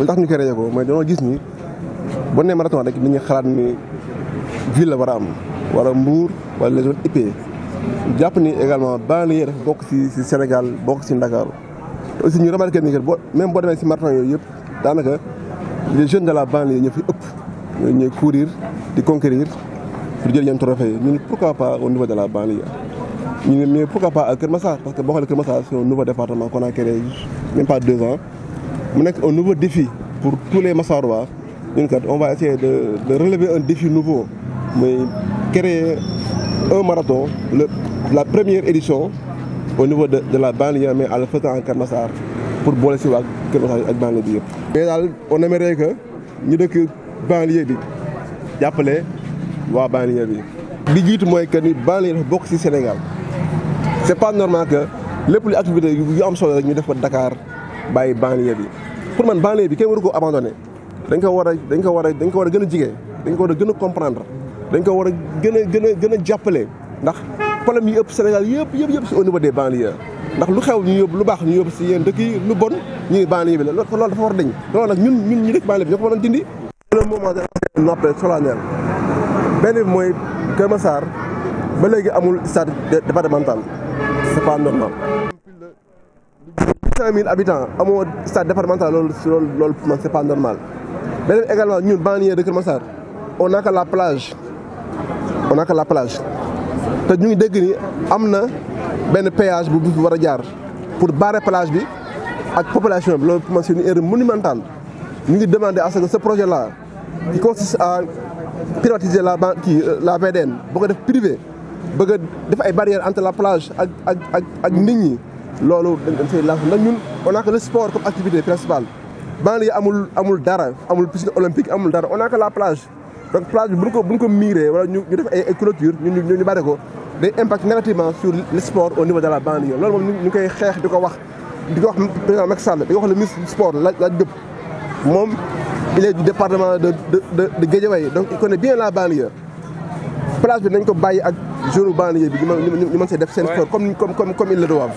lu ñu créé ko mooy dañoo gis ni boo nee marathon rek ni ñi xalaat ni ville la war a am wala Mbour wala les zones huppées jàpp ni également banlieue dafa bokk si si Sénégal bokk si Ndakaaru te aussi ñu remarqué ni que boo même boo demee si marathon yooyu yëpp daanaka les jeune de la yi ñoo fi ëpp ñooy ñooy courir di conquérir pour jël yenn trophée ñu ne pourquoi pas au niveau de la banlieue. ñu ne mais pourquoi pas à Kër Massar parce que boo xoolee Kër Massar c'est un nouveau département qu'on a mu nekk un nouveau défi pour tous les Massarois ñun kat on va essayer de de relever un défi nouveau muy créer un marathon le la première édition au niveau de de la banlieue mais en le faisant en Keur Massar pour boole si waa ak banlieue bi yëpp. mais daal on aimerait que ñu dëkk banlieue bi jàppale waa banlieue bi. li jiitu mooy que ni banlieue dafa bokk si Sénégal c'est pas normal que lépp lu activité yu am solo rek ñu def ko Dakar. bàyyi banlieue bi pour man banlieue bi kenn waru ko abandonné dañ ko war a dañ ko war a dañ ko war a gën a jigee dañ ko war a gën a comprendre dañ ko war gën a gën a a jàppale ndax problème yi ëpp Sénégal yëpp yëpp yëpp si au niveau des banlieues ndax lu xew ñu yóbbu lu baax ñu yóbbu si yéen dëkk yi lu bon ñuy banlieue bi la loolu dafa war dañ loolu nag ñun ñun ñu dëkk banlieue bi ñoo ko mën a dindi le moment de noppale solennel benn bi mooy Kër Massar ba léegi amul stade départemental c'est pas normal cent mille habitants amoo stade départemental loolu loolu loolu man c'est pas normal beneen également ñun banlieue de Kër Massar on n'a la plage on n'a la plage te ñu ngi dégg am na benn péage bu bus war a jaar pour barrer plage bi ak population bi loolu man c'est une erreur monumentale ñu ngi demander à que ce projet la qui consiste à privatiser la ban euh, la VDN boo ko def privé bëgg a def ay barrières entre la plage ak ak ak ak nit ñi loolu dañ dañ see lancé nag ñun on a sport comme activité principale banlieue amul dara amul piscine olympique amul dara on la plage donc plage bu ñu ko bu ko miiree wala ñu def ay clôture ñu ñu ñu bare ko day impact négativement sur le sport au niveau de la banlieue loolu moom ñu koy xeex di ko wax di ko wax président Macky Sall di ko wax le ministre du sport laaj laaj moom il est de de donc il connaît bien la banlieue plage bi nañ ko bàyyi ak jeune banlieue bi ñu mën see def seen sport